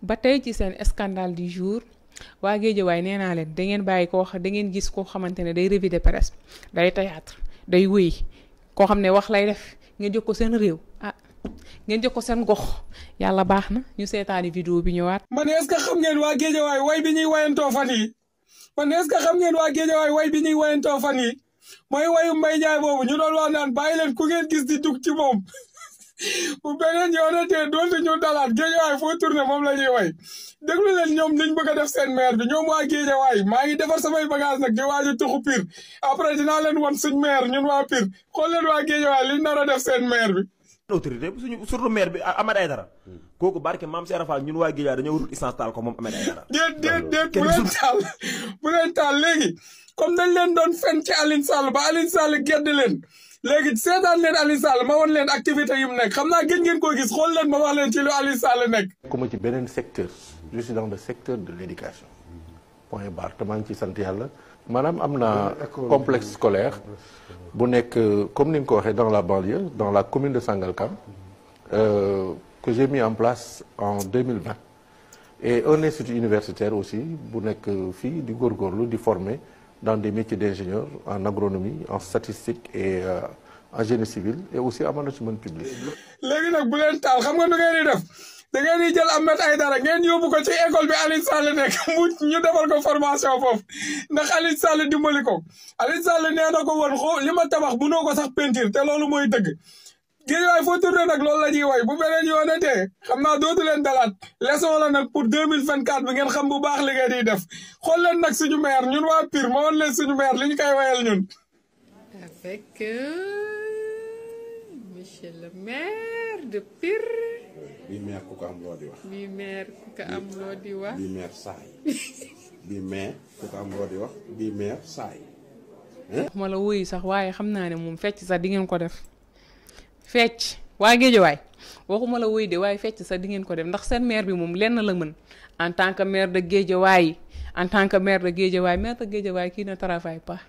batay ci sen scandale du jour wa géejawaay way naa leen da ngeen ko wax da ngeen gis ko xamantene day revue de presse day théâtre day wuy ko xamne wax lay def ngeen jox ko sen rew ah ngeen jox ko sen gox yalla baxna ñu seetaani vidéo bi ñu wat man est ce que xam ngeen wa géejawaay way way bi ñuy wayantoo fan yi man est-ce que xam ngeen waa Géejawaay way bi ñuy wayantoo fan yi mooy wayu Mbaye Ndiaye boobu ñu doon wax naan bàyyi leen ku ngeen gis di dug ci moom bu beneen yoonatee doonte ñu dalaat Géejawaay foo tourné moom la ñuy way déglu leen ñoom niñ bëgg a def seen maire bi ñoom waa Géejawaay maa ngi defar samay bagage nag di waaj a tuxu Pire après dinaa leen wan suñ maire ñun waa Pire xool leen waa Géejawaay liñ nar a def seen maire bi autorité suñu surtout maire bi Ahmed Aïdara kooku barke maam Cheikh Rafal ñun waa Guédiawaye dañoo wut essence taal ko moom Ahmed Aïdara déet déet déet bu leen taal bu leen taal léegi comme dañ leen doon fen ci Aline Sall ba Aline Sall gedd leen léegi seetaan leen Aline Sall ma won leen activité yu mu nekk xam naa gën ngeen koo gis xool leen ma wax leen ci lu Aline nekk. beneen secteur je suis dans le secteur de point département ci complexe scolaire bu que comme dans la banlieue dans la commune de Sangalkam euh, que j'ai mis en place en 2020 et un institut universitaire aussi bu que du du qui di former dans des métiers d'ingénieur en agronomie en statistique et euh, en génie civil et aussi en management public. da ngeen di jël Ahmed dara ngeen yóbbu ko ci école bi Aliou Sall nekk mu ñu defal ko formation foofu ndax Aliou Sall dimbali ko Aliou Sall nee na ko woon xoo li ma tabax bu noo ko sax peinture te loolu mooy dëgg géej waay foo tourné nag loolu la ñuy way bu beneen yoonatee xam naa dootu leen dalaat leçon la nag pour deux mille vingt quatre bi ngeen xam bu baax li ngeen di def xool leen nag suñu maire ñun waa Pire ma woon leen suñu maire li ñu koy wayal ñun. Euh, monsieur le maire de Pir. bi maire ku ko am lo di wax. bi maire ku ko am lo di wax. bi maire saay. bi maire ku ko am lo di wax bi maire saay. ma la wuy sax waye xam naa ne moom fecc sax di ngeen ko def fecc waa Géejawaay waxuma la wuy de waaye fecc sax di ngeen ko def ndax seen maire bi moom lenn la mën en tant que maire de Géejawaay en tant que maire de Guédiawaye maire de Guédiawaye kii ne travaille pas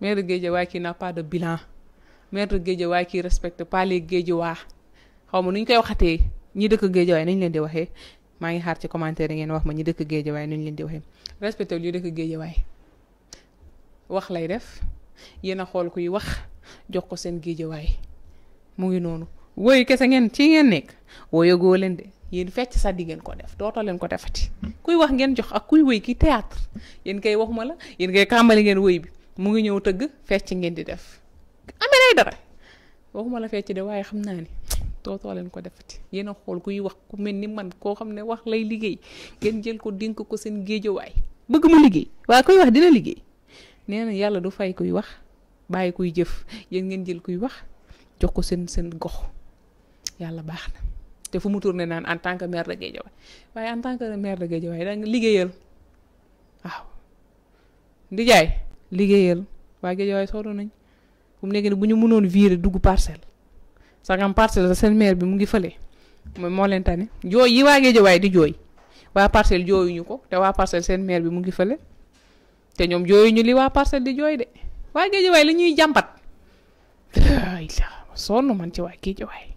maire de Guédiawaye kii n'a pas de bilan maître maire géejawaay qui respecte pas les géejawaa xaw ma nuñ koy waxatee ñi dëkk géejawaay nañ leen di waxee maa ngi xaar ci commentaire ngeen wax ma ñi dëkk géejawaay nuñ leen di waxee respecté ñu dëkk géejawaay wax lay def yéen a xool kuy wax jox ko seen géejawaay mu ngi noonu woyu kese ngeen ci ngeen nekk woyagoo leen de yéen fecc sa di ngeen ko def dootoo leen ko defati kuy wax ngeen jox ak kuy woy ki théâtre yéen kay waxuma la yéen kay kàmbali ngeen woy bi mu ngi ñëw tëgg fecc ngeen di def ngay dara waxuma la fecc de waaye xam naa ni tootoo leen ko defati yéen a xool kuy wax ku mel ni man koo xam ne wax lay liggéey ngeen jël ko dénk ko seen géejawaay bëgg mu liggéey waaye kuy wax dina liggéey nee yàlla du fay kuy wax bàyyi kuy jëf yéen ngeen jël kuy wax jox ko seen seen gox yàlla baax na te fu mu naan en tant que maire de Guédiawaye waaye en tant que maire de Guédiawaye da nga liggéeyal waaw di liggéeyal waa Guédiawaye sonn nañ bu mu nekkee bu ñu mënoon virer dugg parcelle sagam parcelle seen maire bi mu ngi fële mooy moo leen tane jooy yi waa Géejawaay di jooy waa parcelle jooyuñu ko te waa parcelle seen maire bi mu ngi fële te ñoom jooyu ñu li waa parcelle di jooy de waa Géejawaay li ñuy jàmbat ay la sonn man ci waa Géejawaay.